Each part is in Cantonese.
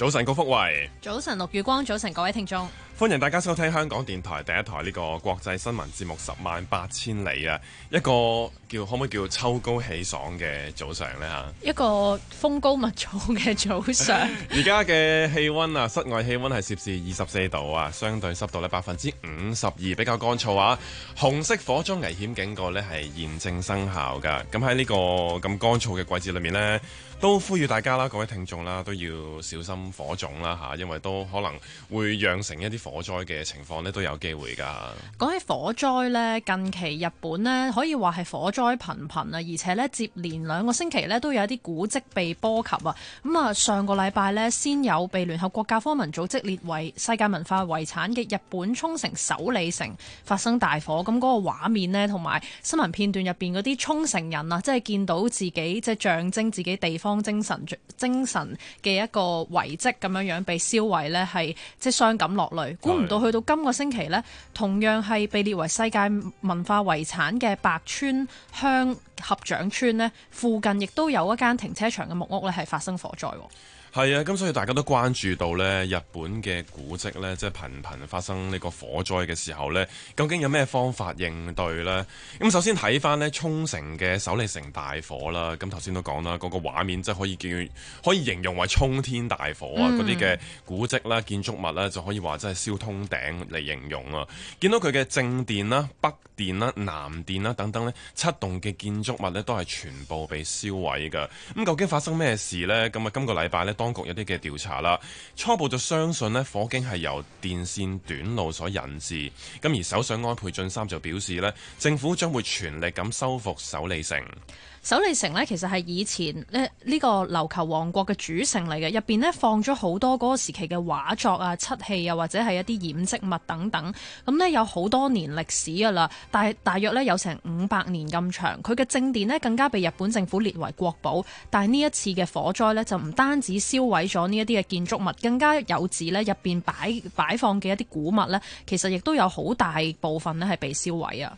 早晨，高福慧。早晨，陸雨光。早晨，各位聽眾，歡迎大家收聽香港電台第一台呢個國際新聞節目《十萬八千里》啊！一個叫可唔可以叫秋高氣爽嘅早上咧吓，一個風高物燥嘅早上。而家嘅氣溫啊，室外氣溫係攝氏二十四度啊，相對濕度咧百分之五十二，比較乾燥啊。紅色火災危險警告咧係現正生效噶。咁喺呢個咁乾燥嘅季節裏面咧。都呼籲大家啦，各位聽眾啦，都要小心火種啦吓，因為都可能會釀成一啲火災嘅情況咧，都有機會㗎。講起火災咧，近期日本咧可以話係火災頻頻啊，而且咧接連兩個星期咧都有一啲古跡被波及啊。咁、嗯、啊，上個禮拜咧先有被聯合國教科文組織列為世界文化遺產嘅日本沖繩首里城發生大火，咁、嗯嗰個畫面咧同埋新聞片段入邊啲沖繩人啊，即係見到自己即係象徵自己地方。當精神、精神嘅一個遺跡咁樣樣被燒毀呢，係即係傷感落淚。估唔到去到今個星期呢，同樣係被列為世界文化遺產嘅白川鄉合掌村呢，附近亦都有一間停車場嘅木屋呢，係發生火災。係啊，咁所以大家都關注到呢日本嘅古跡呢，即係頻頻發生呢個火災嘅時候呢，究竟有咩方法應對呢？咁首先睇翻呢沖繩嘅首里城大火啦，咁頭先都講啦，嗰、嗰個畫面即係可以叫可以形容為沖天大火啊！嗰啲嘅古跡啦、建築物呢、啊，就可以話真係燒通頂嚟形容啊！見到佢嘅正殿啦、北殿啦、南殿啦等等呢，七棟嘅建築物呢都係全部被燒毀嘅。咁究竟發生咩事呢？咁啊，今個禮拜呢。當局有啲嘅調查啦，初步就相信咧火警係由電線短路所引致。咁而首相安倍晉三就表示咧，政府將會全力咁修復首里城。首里城呢，其實係以前咧呢個琉球王國嘅主城嚟嘅，入邊呢，放咗好多嗰個時期嘅畫作啊、漆器啊，或者係一啲染織物等等，咁、嗯、呢，有好多年歷史噶啦，大大約呢，有成五百年咁長。佢嘅正殿呢，更加被日本政府列為國寶，但係呢一次嘅火災呢，就唔單止燒毀咗呢一啲嘅建築物，更加有指呢入邊擺擺放嘅一啲古物呢，其實亦都有好大部分呢係被燒毀啊。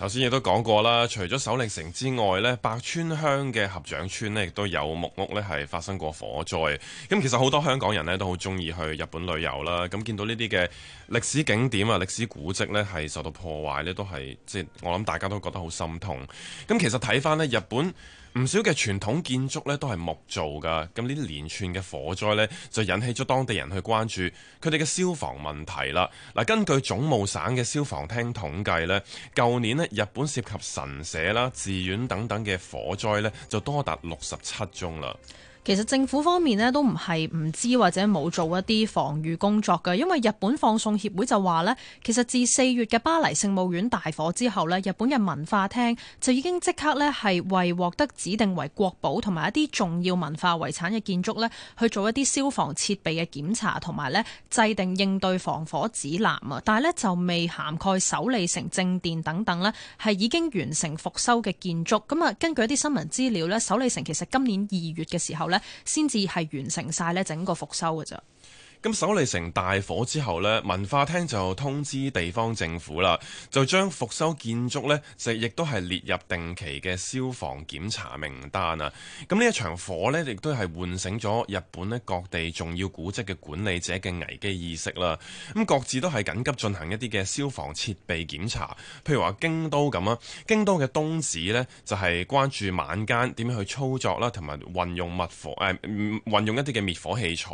頭先亦都講過啦，除咗首里城之外呢，白川鄉嘅合掌村呢亦都有木屋呢係發生過火災。咁其實好多香港人呢都好中意去日本旅遊啦。咁見到呢啲嘅歷史景點啊、歷史古蹟呢係受到破壞呢，都係，即係我諗大家都覺得好心痛。咁其實睇翻呢日本。唔少嘅傳統建築呢都係木造㗎，咁呢啲連串嘅火災呢，就引起咗當地人去關注佢哋嘅消防問題啦。嗱，根據總務省嘅消防廳統計呢，舊年呢日本涉及神社啦、寺院等等嘅火災呢，就多達六十七宗啦。其實政府方面咧都唔係唔知或者冇做一啲防禦工作嘅，因為日本放送協會就話呢，其實自四月嘅巴黎聖母院大火之後呢，日本嘅文化廳就已經即刻呢係為獲得指定為國寶同埋一啲重要文化遺產嘅建築呢，去做一啲消防設備嘅檢查同埋呢制定應對防火指南啊，但係呢就未涵蓋首里城正殿等等呢，係已經完成復修嘅建築。咁啊，根據一啲新聞資料呢，首里城其實今年二月嘅時候，咧先至係完成晒咧整個復修嘅咋。咁首里城大火之後咧，文化廳就通知地方政府啦，就將復修建築咧，就亦都係列入定期嘅消防檢查名單啊！咁呢一場火咧，亦都係喚醒咗日本咧各地重要古蹟嘅管理者嘅危機意識啦。咁各自都係緊急進行一啲嘅消防設備檢查，譬如話京都咁啊，京都嘅東寺咧就係、是、關注晚間點樣去操作啦，同埋運用滅火誒運、呃、用一啲嘅滅火器材。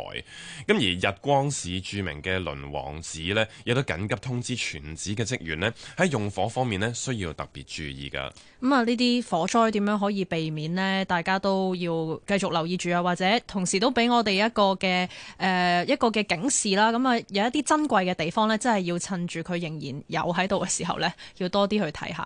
咁而日光市著名嘅輪王寺呢，亦都緊急通知全寺嘅職員呢，喺用火方面呢，需要特別注意噶。咁啊，呢啲火災點樣可以避免呢？大家都要繼續留意住啊，或者同時都俾我哋一個嘅誒、呃、一個嘅警示啦。咁、嗯、啊，有一啲珍貴嘅地方呢，真係要趁住佢仍然有喺度嘅時候呢，要多啲去睇下。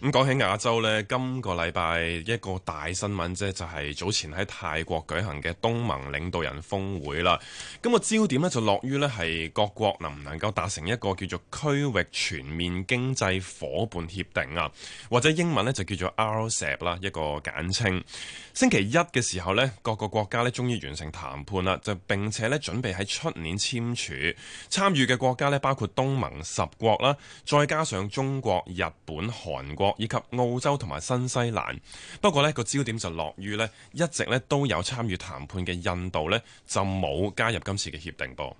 咁講起亞洲咧，今個禮拜一個大新聞啫，就係早前喺泰國舉行嘅東盟領導人峰會啦。咁個焦點咧就落於咧係各國能唔能夠達成一個叫做區域全面經濟伙伴協定啊，或者英文咧就叫做 RCEP 啦，一個簡稱。星期一嘅時候咧，各個國家咧終於完成談判啦，就並且咧準備喺出年簽署。參與嘅國家咧包括東盟十國啦，再加上中國、日本、韓國。以及澳洲同埋新西蘭。不過呢個焦點就落於呢，一直呢都有參與談判嘅印度呢，就冇加入今次嘅協定噃。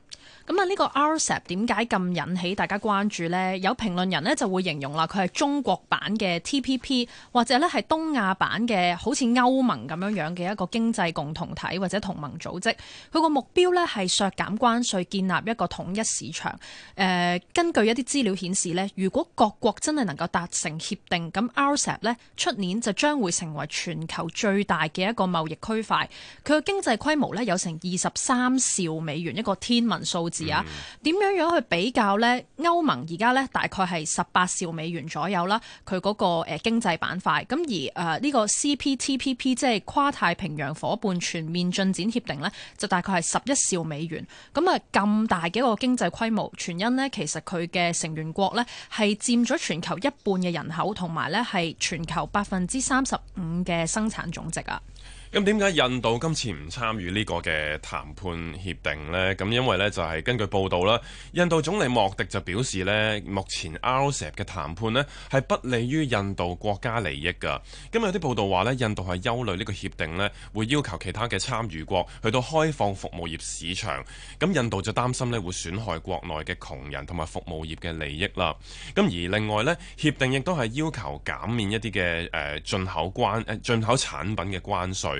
咁啊，呢個 RCEP 點解咁引起大家關注咧？有評論人咧就會形容啦，佢係中國版嘅 TPP，或者咧係東亞版嘅，好似歐盟咁樣樣嘅一個經濟共同體或者同盟組織，佢個目標咧係削減關稅，建立一個統一市場。誒，呃，根據一啲資料顯示咧，如果各國真係能夠達成協定，咁 RCEP 咧出年就將會成為全球最大嘅一個貿易區塊，佢嘅經濟規模咧有成二十三兆美元，一個天文數字。啊，點樣、嗯、樣去比較呢？歐盟而家呢大概係十八兆美元左右啦，佢嗰個誒經濟板塊。咁而誒呢個 CPTPP 即係跨太平洋伙伴全面進展協定呢就大概係十一兆美元。咁啊咁大嘅一個經濟規模，全因呢其實佢嘅成員國呢係佔咗全球一半嘅人口，同埋呢係全球百分之三十五嘅生產總值啊！咁點解印度今次唔參與呢個嘅談判協定呢？咁因為呢，就係根據報道啦，印度總理莫迪就表示呢目前 RCEP 嘅談判呢，係不利於印度國家利益㗎。今日有啲報道話呢印度係憂慮呢個協定呢，會要求其他嘅參與國去到開放服務業市場，咁印度就擔心呢，會損害國內嘅窮人同埋服務業嘅利益啦。咁而另外呢，協定亦都係要求減免一啲嘅誒進口關誒進口產品嘅關稅。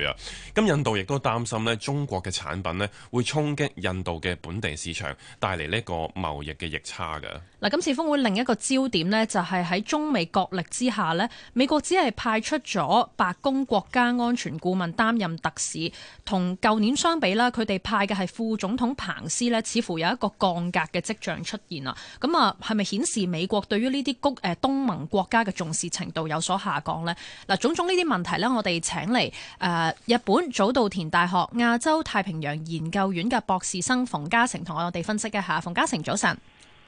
咁印度亦都擔心咧，中國嘅產品咧會衝擊印度嘅本地市場，帶嚟呢個貿易嘅逆差嘅。嗱，今次峯會另一個焦點呢，就係喺中美角力之下呢，美國只係派出咗白宮國家安全顧問擔任特使，同舊年相比咧，佢哋派嘅係副總統彭斯咧，似乎有一個降格嘅跡象出現啦。咁啊，係咪顯示美國對於呢啲谷誒東盟國家嘅重視程度有所下降呢？嗱，種種呢啲問題呢，我哋請嚟誒。呃日本早稻田大學亞洲太平洋研究院嘅博士生馮嘉誠同我哋分析一下。馮嘉誠，早晨。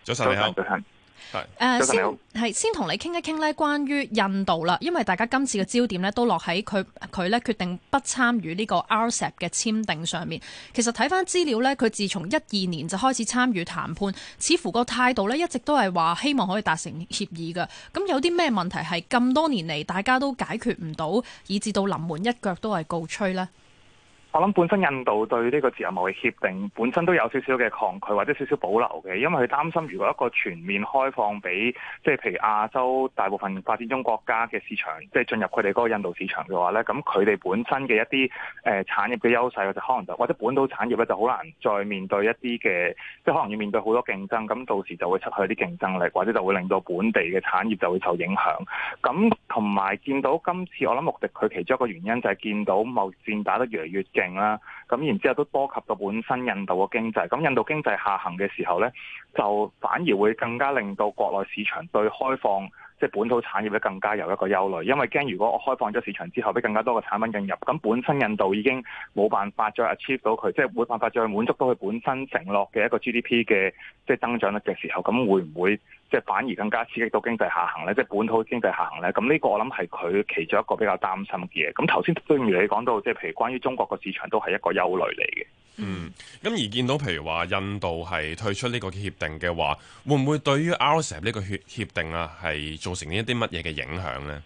早晨你好。晨誒，uh, 先係先同你傾一傾咧，關於印度啦，因為大家今次嘅焦點咧都落喺佢佢咧決定不參與呢個 RCEP 嘅簽訂上面。其實睇翻資料咧，佢自從一二年就開始參與談判，似乎個態度咧一直都係話希望可以達成協議嘅。咁有啲咩問題係咁多年嚟大家都解決唔到，以至到臨門一腳都係告吹呢？我諗本身印度對呢個自由貿易協定本身都有少少嘅抗拒或者少少保留嘅，因為佢擔心如果一個全面開放俾即係譬如亞洲大部分發展中國家嘅市場，即係進入佢哋嗰個印度市場嘅話咧，咁佢哋本身嘅一啲誒產業嘅優勢，就可能就或者本土產業咧就好難再面對一啲嘅即係可能要面對好多競爭，咁到時就會失去啲競爭力，或者就會令到本地嘅產業就會受影響。咁同埋見到今次我諗目的，佢其中一個原因就係見到貿易戰打得越嚟越勁。啦，咁然之後都波及到本身印度嘅經濟。咁印度經濟下行嘅時候呢，就反而會更加令到國內市場對開放即係、就是、本土產業咧更加有一個憂慮，因為驚如果我開放咗市場之後，俾更加多嘅產品進入，咁本身印度已經冇辦法再 achieve 到佢，即係冇辦法再滿足到佢本身承諾嘅一個 GDP 嘅即係、就是、增長率嘅時候，咁會唔會？即係反而更加刺激到經濟下行咧，即係本土經濟下行咧，咁呢個我諗係佢其中一個比較擔心嘅嘢。咁頭先正如你講到，即係譬如關於中國個市場都係一個憂慮嚟嘅。嗯，咁而見到譬如話印度係退出呢個協定嘅話，會唔會對於 RCEP 呢個協協定啊係造成呢一啲乜嘢嘅影響咧？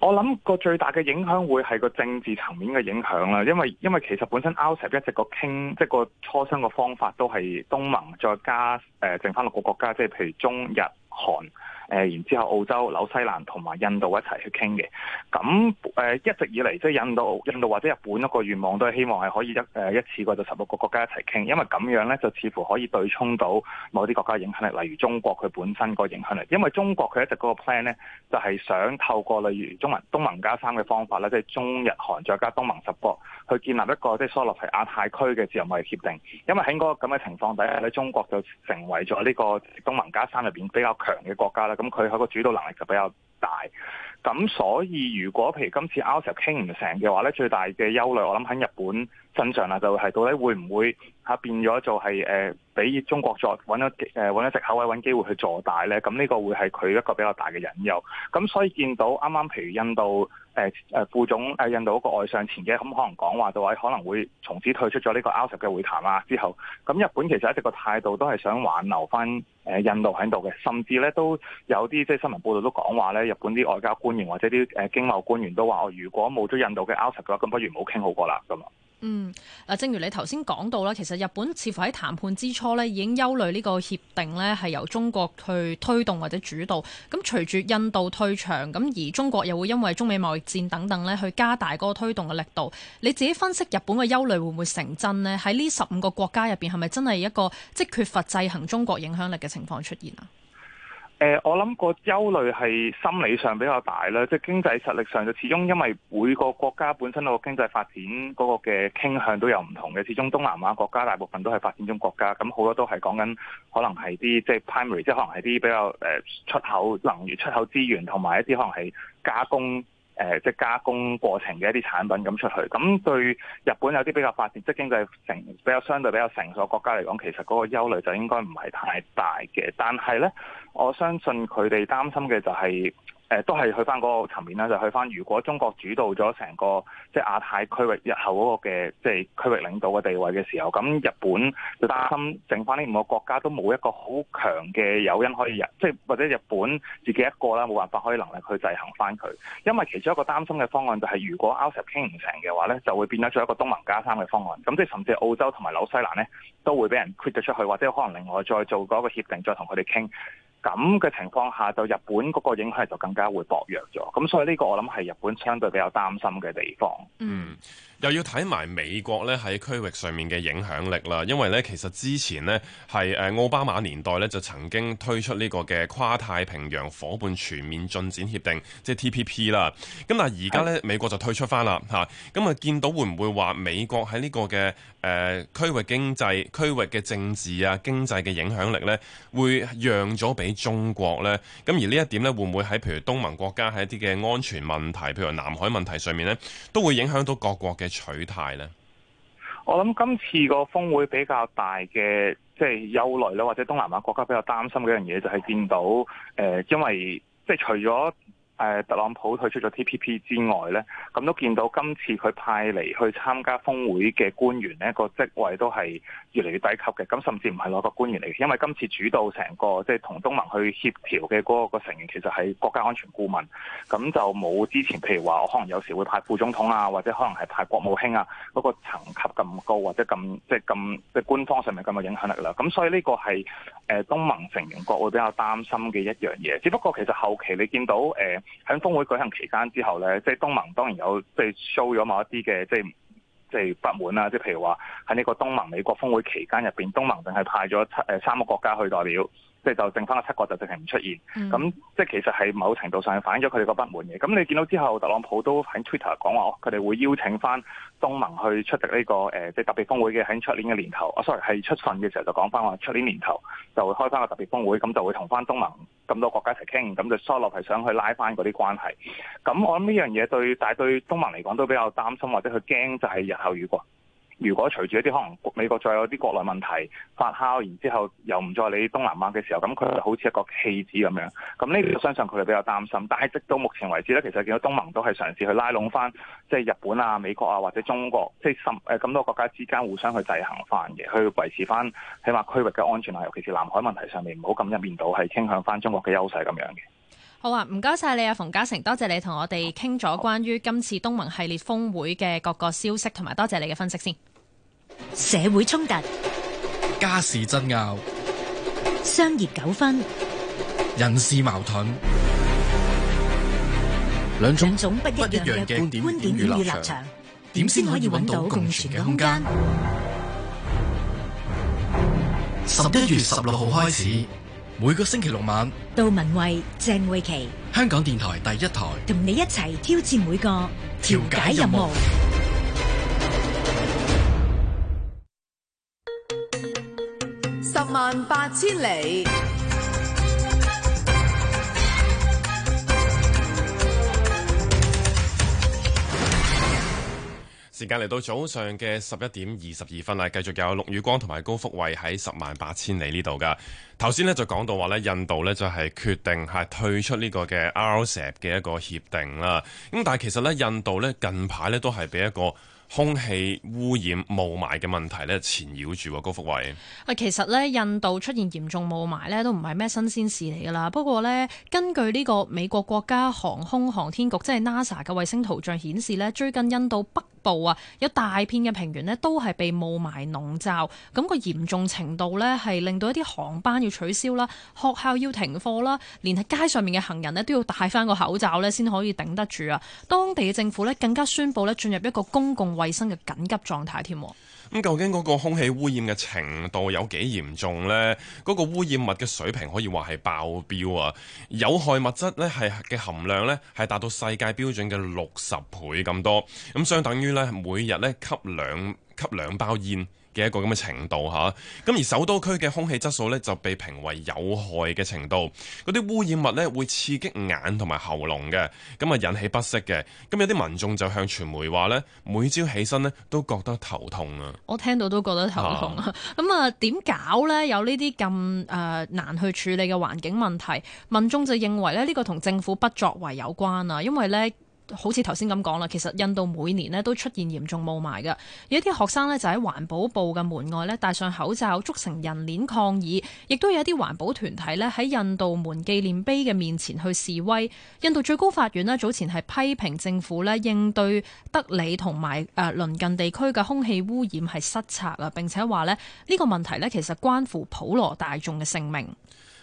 我諗個最大嘅影響會係個政治層面嘅影響啦，因為因為其實本身 RCEP 一直個傾，即係個磋商個方法都係東盟再加誒、呃、剩翻六個國家，即係譬如中日韓。誒，然、呃、之後澳洲、紐西蘭同埋印度一齊去傾嘅，咁誒、呃、一直以嚟，即係印度、印度或者日本一個願望都係希望係可以一誒一次過就十六個國家一齊傾，因為咁樣咧就似乎可以對沖到某啲國家影響力，例如中國佢本身個影響力，因為中國佢一直嗰個 plan 咧就係、是、想透過例如中盟東盟加三嘅方法咧，即係中日韓再加東盟十國去建立一個即係所謂係亞太區嘅自由貿易協定，因為喺嗰個咁嘅情況底下咧，中國就成為咗呢個東盟加三入邊比較強嘅國家啦。咁佢喺個主導能力就比較大，咁所以如果譬如今次啱時候傾唔成嘅話咧，最大嘅憂慮我諗喺日本身上啊，就係到底會唔會。嚇變咗就係誒俾中國在揾一誒揾一隻口位揾機會去坐大咧，咁呢、這個會係佢一個比較大嘅隱憂。咁、嗯、所以見到啱啱譬如印度誒誒、呃、副總誒、呃、印度一個外相前嘅咁、嗯、可能講話到、就話，可能會從此退出咗呢個 RCEP 嘅會談啦、啊。之後咁、嗯、日本其實一直個態度都係想挽留翻誒印度喺度嘅，甚至咧都有啲即係新聞報道都講話咧，日本啲外交官員或者啲誒、呃、經貿官員都話哦，如果冇咗印度嘅 RCEP 嘅話，咁不如唔好傾好過啦咁嗯，嗱，正如你頭先講到啦，其實日本似乎喺談判之初咧已經憂慮呢個協定咧係由中國去推動或者主導。咁隨住印度退場，咁而中國又會因為中美貿易戰等等咧去加大嗰個推動嘅力度。你自己分析日本嘅憂慮會唔會成真呢？喺呢十五個國家入邊，係咪真係一個即缺乏制衡中國影響力嘅情況出現啊？誒、呃，我諗個憂慮係心理上比較大啦，即係經濟實力上就始終因為每個國家本身個經濟發展嗰個嘅傾向都有唔同嘅，始終東南亞國家大部分都係發展中國家，咁好多都係講緊可能係啲即係 primary，即係可能係啲比較誒出口能源、出口資源同埋一啲可能係加工。誒、呃，即係加工過程嘅一啲產品咁出去，咁對日本有啲比較發展，即係經濟成比較相對比較成熟國家嚟講，其實嗰個憂慮就應該唔係太大嘅。但係呢，我相信佢哋擔心嘅就係、是。誒，都係去翻嗰個層面啦，就去、是、翻如果中國主導咗成個即係、就是、亞太區域日後嗰、那個嘅即係區域領導嘅地位嘅時候，咁日本就擔心，剩翻呢五個國家都冇一個好強嘅誘因可以日，即係或者日本自己一個啦，冇辦法可以能力去制衡翻佢。因為其中一個擔心嘅方案就係、是，如果 RCEP 傾唔成嘅話咧，就會變咗做一個東盟加三嘅方案。咁即係甚至澳洲同埋紐西蘭咧，都會俾人 exclude 出去，或者可能另外再做嗰個協定，再同佢哋傾。咁嘅情況下，就日本嗰個影響就更加會薄弱咗。咁所以呢個我諗係日本相對比較擔心嘅地方。嗯。又要睇埋美國咧喺區域上面嘅影響力啦，因為咧其實之前咧係誒奧巴馬年代咧就曾經推出呢個嘅跨太平洋夥伴全面進展協定，即係 TPP 啦。咁但係而家咧美國就退出翻啦吓，咁、嗯、啊，見到會唔會話美國喺呢個嘅誒區域經濟、區域嘅政治啊、經濟嘅影響力咧，會讓咗俾中國咧？咁而呢一點咧會唔會喺譬如東盟國家喺一啲嘅安全問題，譬如南海問題上面咧，都會影響到各國嘅？取態咧，我諗今次個峰會比較大嘅，即係憂慮啦，或者東南亞國家比較擔心嘅一樣嘢，就係、是、見到誒、呃，因為即係除咗，誒特朗普退出咗 TPP 之外咧，咁都見到今次佢派嚟去參加峰會嘅官員咧，個職位都係越嚟越低級嘅，咁甚至唔係攞個官員嚟，因為今次主導成個即係同東盟去協調嘅嗰個成員其實係國家安全顧問，咁就冇之前譬如話我可能有時會派副總統啊，或者可能係派國務卿啊，嗰、嗰個層級咁高或者咁即係咁即係官方上面咁嘅影響力啦。咁所以呢個係誒、呃、東盟成員國會比較擔心嘅一樣嘢。只不過其實後期你見到誒。呃喺峰會舉行期間之後咧，即係東盟當然有即係 show 咗某一啲嘅即係即係不滿啊，即係譬如話喺呢個東盟美國峰會期間入邊，東盟淨係派咗七誒三個國家去代表。即係就剩翻個七國就淨係唔出現，咁即係其實係某程度上反映咗佢哋個不滿嘅。咁你見到之後，特朗普都喺 Twitter 講話，佢哋會邀請翻東盟去出席呢、呢個誒，即、呃、係特別峰會嘅喺出年嘅年頭。啊、哦、sorry，係出信嘅時候就講翻話，出年年頭就會開翻個特別峰會，咁就會同翻東盟咁多國家一齊傾，咁就嘗落係想去拉翻嗰啲關係。咁我諗呢樣嘢對大對東盟嚟講都比較擔心，或者佢驚就係日後如果。如果隨住一啲可能美國再有啲國內問題發酵，然之後又唔再理東南亞嘅時候，咁佢就好似一個棄子咁樣。咁呢個就相信佢哋比較擔心。但係直到目前為止咧，其實見到東盟都係嘗試去拉攏翻，即係日本啊、美國啊或者中國，即係十誒咁多國家之間互相去制衡翻嘅，去維持翻起碼區域嘅安全啊，尤其是南海問題上面，唔好咁一面倒，係傾向翻中國嘅優勢咁樣嘅。好啊，唔該晒你啊，馮嘉誠，多謝你同我哋傾咗關於今次東盟系列峰會嘅各個消息，同埋多謝你嘅分析先。社會衝突、家事爭拗、商業糾紛、人事矛盾，兩種不一樣嘅觀點與立場，點先可以搵到共存嘅空間？十一月十六號開始。每個星期六晚，杜文慧、鄭慧琪，香港電台第一台，同你一齊挑戰每個調解任務，任務十萬八千里。時間嚟到早上嘅十一點二十二分啦。繼續有陸宇光同埋高福衛喺十萬八千里呢度噶。頭先呢就講到話呢，印度呢就係決定係退出呢個嘅 RCEP 嘅一個協定啦。咁但係其實呢，印度呢近排呢都係俾一個空氣污染、霧霾嘅問題呢纏繞住。高福衛啊，其實呢，印度出現嚴重霧霾呢都唔係咩新鮮事嚟噶啦。不過呢，根據呢個美國國家航空航天局即係 NASA 嘅衛星圖像顯示呢，最近印度北。部啊，有大片嘅平原咧，都係被霧霾籠罩，咁個嚴重程度咧，係令到一啲航班要取消啦，學校要停課啦，連喺街上面嘅行人咧，都要戴翻個口罩咧，先可以頂得住啊！當地嘅政府咧，更加宣布咧，進入一個公共衞生嘅緊急狀態添。咁究竟嗰個空氣污染嘅程度有幾嚴重呢？嗰、嗰個污染物嘅水平可以話係爆標啊！有害物質咧係嘅含量咧係達到世界標準嘅六十倍咁多，咁相等於咧每日咧吸兩吸兩包煙嘅一個咁嘅程度嚇，咁、啊、而首都區嘅空氣質素呢就被評為有害嘅程度，嗰啲污染物呢會刺激眼同埋喉嚨嘅，咁啊引起不適嘅。咁有啲民眾就向傳媒話呢，每朝起身呢都覺得頭痛啊。我聽到都覺得頭痛啊。咁啊點搞呢？有呢啲咁誒難去處理嘅環境問題，民眾就認為咧呢、呢個同政府不作為有關啊，因為呢。好似頭先咁講啦，其實印度每年呢都出現嚴重霧霾㗎，有一啲學生呢就喺環保部嘅門外呢戴上口罩，組成人鏈抗議；亦都有一啲環保團體呢喺印度門紀念碑嘅面前去示威。印度最高法院呢早前係批評政府呢應對德里同埋誒鄰近地區嘅空氣污染係失策啊，並且話呢，呢個問題呢其實關乎普羅大眾嘅性命。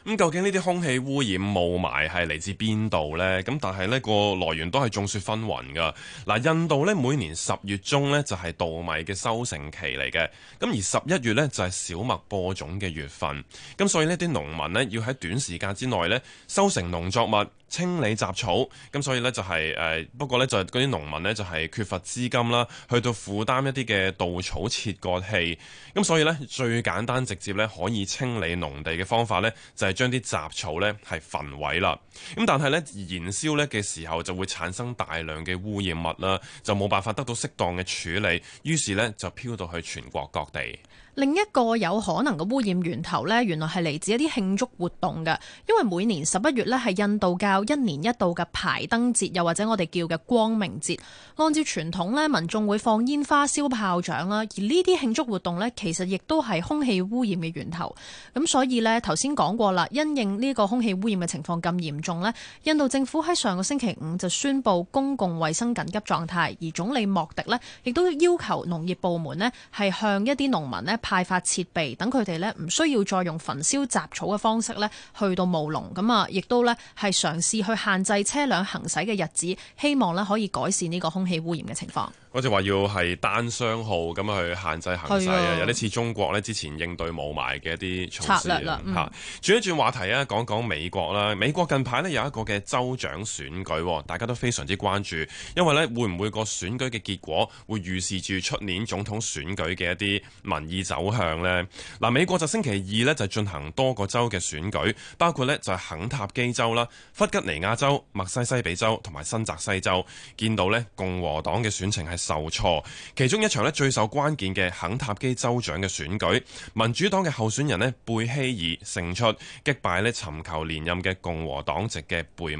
咁究竟呢啲空氣污染霧霾係嚟自邊度呢？咁但係呢個來源都係眾說紛紜㗎。嗱，印度呢每年十月中呢就係稻米嘅收成期嚟嘅，咁而十一月呢就係小麥播種嘅月份，咁所以呢啲農民呢要喺短時間之內呢收成農作物。清理雜草，咁所以呢、就係，就係誒不過呢，就係嗰啲農民呢，就係缺乏資金啦，去到負擔一啲嘅稻草切割器，咁所以呢，最簡單直接呢，可以清理農地嘅方法呢，就係將啲雜草呢係焚毀啦。咁但係呢，燃燒呢嘅時候就會產生大量嘅污染物啦，就冇辦法得到適當嘅處理，於是呢，就飄到去全國各地。另一個有可能嘅污染源頭呢，原來係嚟自一啲慶祝活動嘅，因為每年十一月呢，係印度教一年一度嘅排燈節，又或者我哋叫嘅光明節。按照傳統呢，民眾會放煙花、燒炮仗啦，而呢啲慶祝活動呢，其實亦都係空氣污染嘅源頭。咁所以呢，頭先講過啦，因應呢個空氣污染嘅情況咁嚴重呢，印度政府喺上個星期五就宣布公共衛生緊急狀態，而總理莫迪呢，亦都要求農業部門呢，係向一啲農民呢。派發設備等佢哋呢，唔需要再用焚燒雜草嘅方式呢去到霧籠咁啊，亦都呢係嘗試去限制車輛行駛嘅日子，希望呢可以改善呢個空氣污染嘅情況。好似話要係單雙號咁去限制行駛啊，有啲似中國呢之前應對霧霾嘅一啲策略啦、嗯、轉一轉話題啊，講講美國啦。美國近排呢有一個嘅州長選舉，大家都非常之關注，因為呢會唔會個選舉嘅結果會預示住出年總統選舉嘅一啲民意？走向呢，嗱，美國就星期二呢，就進行多個州嘅選舉，包括呢就肯塔基州啦、弗吉尼亞州、墨西西比州同埋新澤西州，見到呢共和黨嘅選情係受挫，其中一場呢最受關鍵嘅肯塔基州長嘅選舉，民主黨嘅候選人呢貝希爾勝出，擊敗呢尋求連任嘅共和黨籍嘅貝文。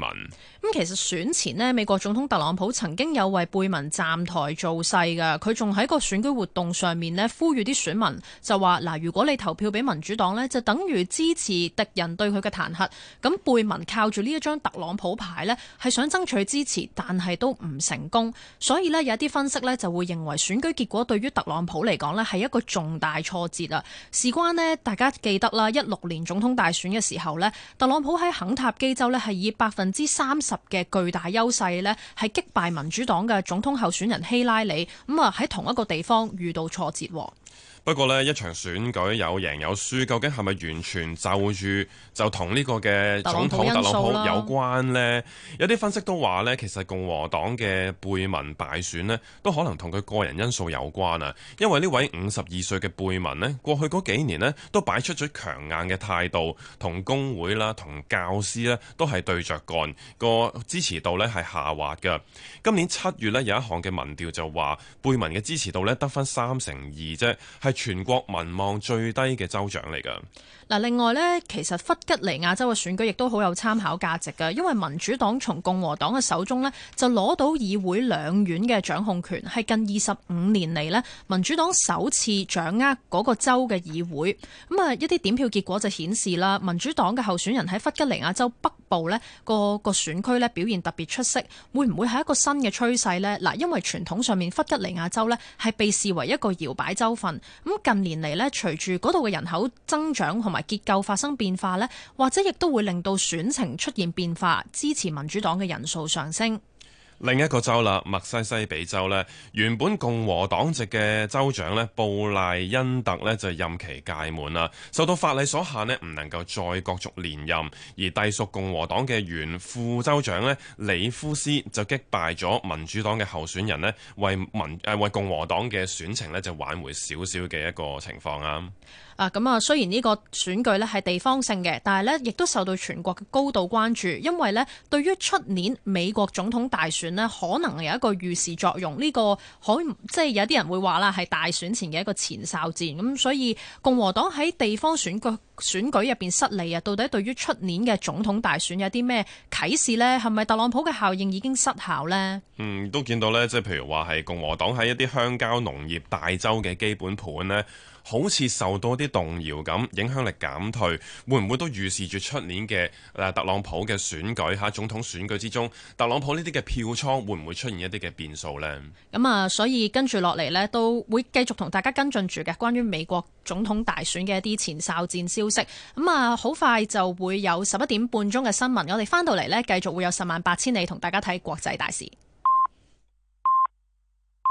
咁其實選前呢美國總統特朗普曾經有為貝文站台造勢噶，佢仲喺個選舉活動上面呢呼籲啲選民。就話嗱，如果你投票俾民主黨呢，就等於支持敵人對佢嘅彈劾。咁貝文靠住呢一張特朗普牌呢係想爭取支持，但係都唔成功。所以呢，有一啲分析呢就會認為選舉結果對於特朗普嚟講呢係一個重大挫折啦。事關呢，大家記得啦，一六年總統大選嘅時候呢，特朗普喺肯塔基州呢係以百分之三十嘅巨大優勢呢係擊敗民主黨嘅總統候選人希拉里，咁啊，喺同一個地方遇到挫折。不過呢一場選舉有贏有輸，究竟係咪完全就住就同呢個嘅總統特朗普有關呢？有啲分析都話呢其實共和黨嘅貝民敗選呢，都可能同佢個人因素有關啊。因為呢位五十二歲嘅貝民呢，過去嗰幾年呢，都擺出咗強硬嘅態度，同工會啦、同教師呢都係對着幹，個支持度呢，係下滑嘅。今年七月呢，有一項嘅民調就話，貝民嘅支持度呢，得返三成二啫，係。全國民望最低嘅州長嚟，噶嗱。另外呢，其實弗吉尼亞州嘅選舉亦都好有參考價值㗎，因為民主黨從共和黨嘅手中呢，就攞到議會兩院嘅掌控權，係近二十五年嚟呢，民主黨首次掌握嗰個州嘅議會。咁啊，一啲點票結果就顯示啦，民主黨嘅候選人喺弗吉尼亞州北部呢個個選區呢，表現特別出色，會唔會係一個新嘅趨勢呢？嗱，因為傳統上面弗吉尼亞州呢係被視為一個搖擺州份。咁近年嚟呢，隨住嗰度嘅人口增長同埋結構發生變化呢，或者亦都會令到選情出現變化，支持民主黨嘅人數上升。另一個州啦，墨西西比州咧，原本共和黨籍嘅州長咧，布賴恩特咧就任期屆滿啦，受到法例所限咧，唔能夠再角逐連任，而隸屬共和黨嘅原副州長咧，里夫斯就擊敗咗民主黨嘅候選人咧，為民誒為共和黨嘅選情咧就挽回少少嘅一個情況啊。啊，咁啊，雖然呢個選舉呢係地方性嘅，但係呢亦都受到全國嘅高度關注，因為呢，對於出年美國總統大選呢，可能係有一個預示作用。呢、呢個可即係有啲人會話啦，係大選前嘅一個前哨戰。咁所以共和黨喺地方選舉選舉入邊失利啊，到底對於出年嘅總統大選有啲咩啟示呢？係咪特朗普嘅效應已經失效呢？嗯，都見到呢，即係譬如話係共和黨喺一啲鄉郊農業大州嘅基本盤呢，好似受到啲動搖咁，影響力減退，會唔會都預示住出年嘅誒特朗普嘅選舉嚇總統選舉之中，特朗普呢啲嘅票倉會唔會出現一啲嘅變數呢？咁啊、嗯，所以跟住落嚟呢，都會繼續同大家跟進住嘅關於美國總統大選嘅一啲前哨戰消息。咁、嗯、啊，好快就會有十一點半鐘嘅新聞，我哋翻到嚟呢，繼續會有十萬八千里同大家睇國際大事。